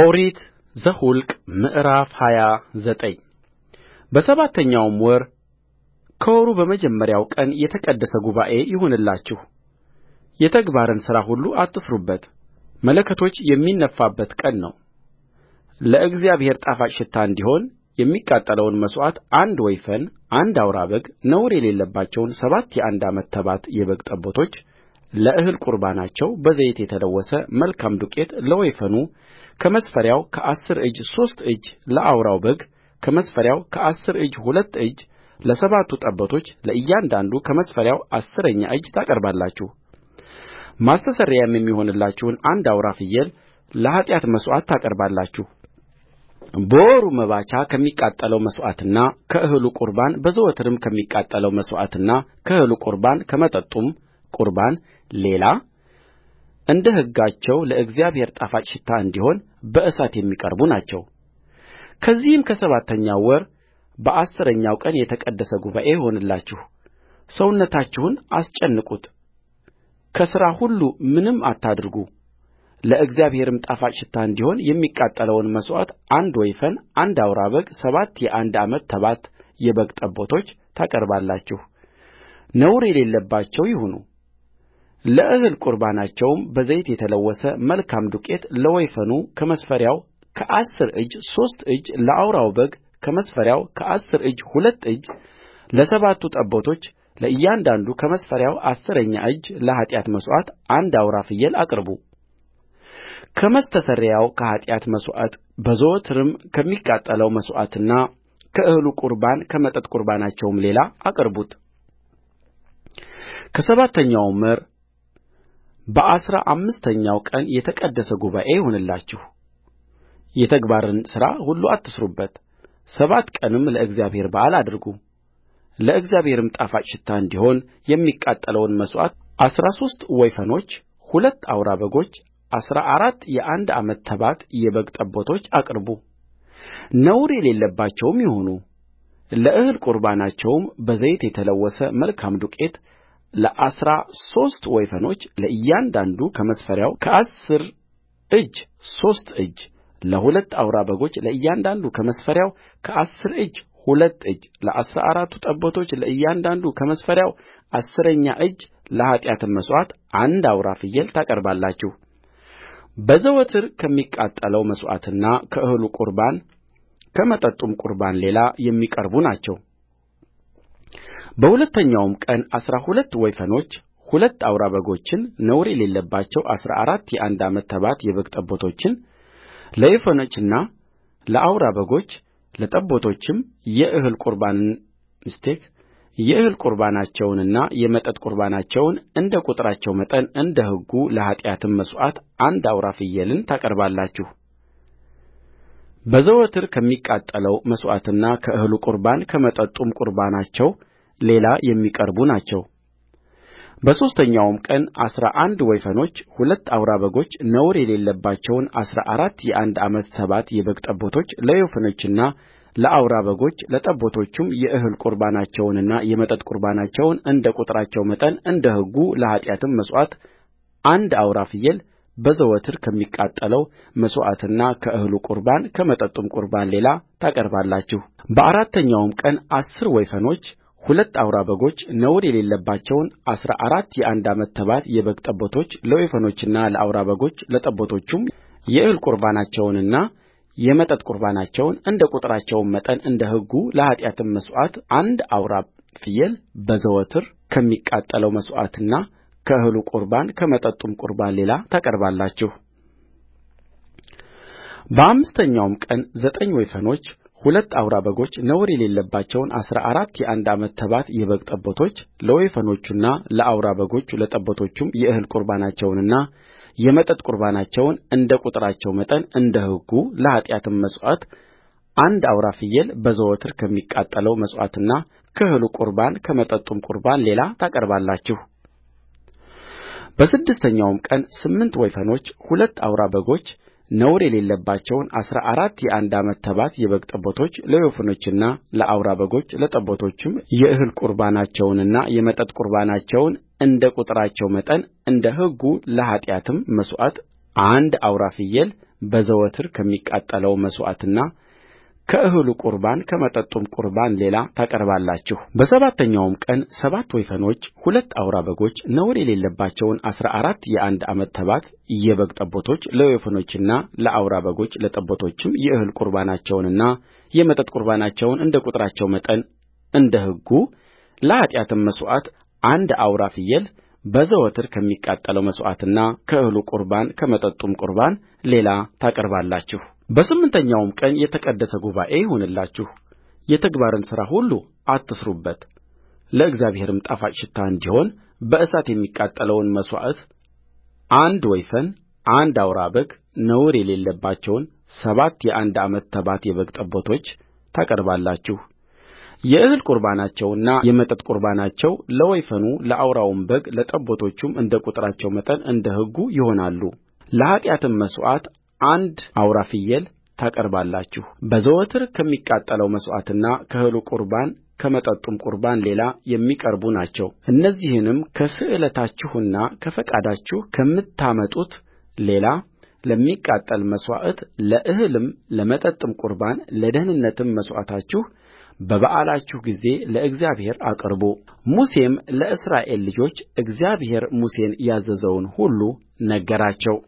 ኦሪት ዘኍልቍ ምዕራፍ ሃያ ዘጠኝ በሰባተኛውም ወር ከወሩ በመጀመሪያው ቀን የተቀደሰ ጉባኤ ይሁንላችሁ የተግባርን ሥራ ሁሉ አትሥሩበት መለከቶች የሚነፉበት ቀን ነው ለእግዚአብሔር ጣፋጭ ሽታ እንዲሆን የሚቃጠለውን መሥዋዕት አንድ ወይፈን አንድ አውራ በግ ነውር የሌለባቸውን ሰባት የአንድ ዓመት ተባት የበግ ጠቦቶች ለእህል ቍርባናቸው በዘይት የተለወሰ መልካም ዱቄት ለወይፈኑ ከመስፈሪያው ከአሥር እጅ ሦስት ለአውራው በግ ከመስፈሪያው ከአሥር እጅ ሁለት እጅለሰባቱ ጠቦቶች ለእያንዳንዱ ከመስፈሪያው አሥረኛ እጅ ታቀርባላችሁማስተስረያም የሚሆንላችሁን አንድ አውራ ፍየል ለኃጢአት መሥዋዕት ታቀርባላችሁ በወሩ መባቻ ከሚቃጠለው መሥዋዕትና ከእህሉ ቍርባን በዘወትርም ከሚቃጠለው መሥዋዕትና ከእህሉ ቍርባን ከመጠጡም ቍርባን ሌላ እንደ ሕጋቸው ለእግዚአብሔር ጣፋጭ ሽታ እንዲሆን በእሳት የሚቀርቡ ናቸውከዚህም ከሰባተኛው ወር በአሥረኛው ቀን የተቀደሰ ጉባኤ ይሁንላችሁ ሰውነታችሁን አስጨንቁት ከሥራ ሁሉ ምንም አታድርጉ ለእግዚአብሔርም ጣፋጭ ሽታ እንዲሆን የሚቃጠለውን መሥዋዕት አንድ ወይፈን አንድ አውራ በግ ሰባት የአንድ ዓመት ተባት የበግ ጠቦቶች ታቀርባላችሁ ነውር የሌለባቸው ይሁኑ ለእህል ቁርባናቸውም በዘይት የተለወሰ መልካም ዱቄት ለወይፈኑ ከመስፈሪያው ከአሥር እጅ ሦስት እጅለአውራው በግ ከመስፈሪያው ከአሥር እጅ ሁለት እጅለሰባቱ ጠቦቶች ለእያንዳንዱ ከመስፈሪያው አሥረኛ እጅለኃጢአት መሥዋዕት አንድ አውራ ፍየል አቅርቡ ከሚያስተሰርየው ከኃጢአት መሥዋዕት በዘወትርም ከሚቃጠለው መሥዋዕትና ከእህሉ ቍርባን ከመጠጥ ቍርባናቸውም ሌላ አቅርቡት ከሰባተኛውም ወር በአሥራ አምስተኛው ቀን የተቀደሰ ጉባኤ ይሁንላችሁ የተግባርን ሥራ ሁሉ አትሥሩበት ሰባት ቀንም ለእግዚአብሔር በዓል አድርጉ ለእግዚአብሔርም ጣፋጭ ሽታ እንዲሆን የሚቃጠለውን መሥዋዕት አሥራ ሦስት ወይፈኖች ሁለት አውራ በጎች አሥራ አራት የአንድ ዓመት ተባት የበግ ጠቦቶች አቅርቡ ነውር የሌለባቸውም ይሁኑ ለእህል ቍርባናቸውም በዘይት የተለወሰ መልካም ዱቄት ለአሥራ ሦስት ወይፈኖች ለእያንዳንዱ ከመስፈሪያው ከአሥር እጅ ሦስት እጅለሁለት አውራ በጎች ለእያንዳንዱ ከመስፈሪያው ከአሥር እጅ ሁለት እጅለአሥራ አራቱ ጠቦቶች ለእያንዳንዱ ከመስፈሪያው አሥረኛ እጅለኃጢአትም መሥዋዕት አንድ አውራ ፍየል ታቀርባላችሁ በዘወትር ከሚቃጠለው መሥዋዕትና ከእህሉ ቍርባን ከመጠጡም ቍርባን ሌላ የሚቀርቡ ናቸው በሁለተኛውም ቀን አሥራ ሁለት ወይፈኖች ሁለት አውራ በጎችን ነውር የሌለባቸው አሥራ አራት የአንድ ዓመት ተባት የበግ ጠቦቶችን ጠቦቶችንለወይፈኖቹና ለአውራ በጎች ለጠቦቶቹም የእህል ቍርባናቸውንና የመጠጥ ቍርባናቸውን እንደ ቍጥራቸው መጠን እንደ ሕጉለኃጢአትም መሥዋዕት አንድ አውራ ፍየልን ታቀርባላችሁ በዘወትር ከሚቃጠለው መሥዋዕትና ከእህሉ ቍርባን ከመጠጡም ቍርባናቸው ሌላ የሚቀርቡ ናቸውበሦስተኛውም ቀን አሥራ አንድ ወይፈኖች ሁለት አውራ በጎች ነውር የሌለባቸውን አሥራ አራት የአንድ ዓመት ተባት የበግ ጠቦቶችለወይፈኖቹና ለአውራ በጎች ለጠቦቶቹም የእህል ቍርባናቸውንና የመጠጥ ቍርባናቸውን እንደ ቍጥራቸው መጠን እንደ ሕጉለኃጢአትም መሥዋዕት አንድ አውራ ፍየል በዘወትር ከሚቃጠለው መሥዋዕትና ከእህሉ ቍርባን ከመጠጡም ቍርባን ሌላ ታቀርባላችሁበአራተኛውም ቀን አሥር ወይፈኖች ሁለት አውራ በጎች ነውር የሌለባቸውን አሥራ አራት የአንድ ዓመት ተባት የበግ ጠቦቶችለወይፈኖቹና ለአውራ በጎቹ ለጠቦቶቹም የእህል ቍርባናቸውንና የመጠጥ ቍርባናቸውን እንደ ቍጥራቸው መጠን እንደ ሕጉለኃጢአትም መሥዋዕት አንድ አውራ ፍየል በዘወትር ከሚቃጠለው መሥዋዕትና ከእህሉ ቍርባን ከመጠጡም ቍርባን ሌላ ታቀርባላችሁበአምስተኛውም ቀን ዘጠኝ ወይፈኖች ሁለት አውራ በጎች ነውር የሌለባቸውን አሥራ አራት የአንድ ዓመት ተባት የበግ ጠቦቶችለወይፈኖቹና ለአውራ በጎቹ ለጠቦቶቹም የእህል ቍርባናቸውንና የመጠጥ ቍርባናቸውን እንደ ቍጥራቸው መጠን እንደ ሕጉለኃጢአትም መሥዋዕት አንድ አውራ ፍየል በዘወትር ከሚቃጠለው መሥዋዕትና ከእህሉ ቍርባን ከመጠጡም ቍርባን ሌላ ታቀርባላችሁ። በስድስተኛውም ቀን ስምንት ወይፈኖች ሁለት አውራ በጎች ነውር የሌለባቸውን አሥራ አራት የአንድ ዓመት ተባት የበግ ጠቦቶችለወይፈኖቹና ለአውራ በጎቹ ለጠቦቶቹም የእህል ቍርባናቸውንና የመጠጥ ቍርባናቸውን እንደ ቍጥራቸው መጠን እንደ ሕጉለኃጢአትም መሥዋዕት አንድ አውራ ፍየል በዘወትር ከሚቃጠለው መሥዋዕትና ከእህሉ ቍርባን ከመጠጡም ቍርባን ሌላ ታቀርባላችሁበሰባተኛውም ቀን ሰባት ወይፈኖች ሁለት አውራ በጎች ነውር የሌለባቸውን አሥራ አራት የአንድ ዓመት ተባት የበግ ጠቦቶች ለወይፈኖቹና ለአውራ በጎቹ ለጠቦቶቹም የእህል ቍርባናቸውንና የመጠጥ ቍርባናቸውን እንደ ቍጥራቸው መጠን እንደ ሕጉለኃጢአትም መሥዋዕት አንድ አውራ ፍየል በዘወትር ከሚቃጠለው መሥዋዕትና ከእህሉ ቍርባን ከመጠጡም ቍርባን ሌላ ታቀርባላችሁ በስምንተኛውም ቀን የተቀደሰ ጉባኤ ይሁንላችሁ የተግባርን ሥራ ሁሉ አትሥሩበት ለእግዚአብሔርም ጣፋጭ ሽታ እንዲሆን በእሳት የሚቃጠለውን መሥዋዕት አንድ ወይፈን አንድ አውራ በግ ነውር የሌለባቸውን ሰባት የአንድ ዓመት ተባት የበግ ጠቦቶች ታቀርባላችሁ። የእህል ቍርባናቸውና የመጠጥ ቍርባናቸው ለወይፈኑ ለአውራውም በግ ለጠቦቶቹም እንደ ቍጥራቸው መጠን እንደ ሕጉ ይሆናሉ ለኃጢአትም መሥዋዕት አንድ አውራ ፍየል ታቀርባላችሁበዘወትር ከሚቃጠለው መሥዋዕትና ከእህሉ ቍርባን ከመጠጡም ቍርባን ሌላ የሚቀርቡ ናቸው እነዚህንም ከስእለታችሁና ከፈቃዳችሁ ከምታመጡት ሌላ ለሚቃጠል መሥዋዕት ለእህልም ለመጠጥም ቍርባን ለደኅንነትም መሥዋዕታችሁ በበዓላችሁ ጊዜ ለእግዚአብሔር አቅርቡሙሴም ለእስራኤል ልጆች እግዚአብሔር ሙሴን ያዘዘውን ሁሉ ነገራቸው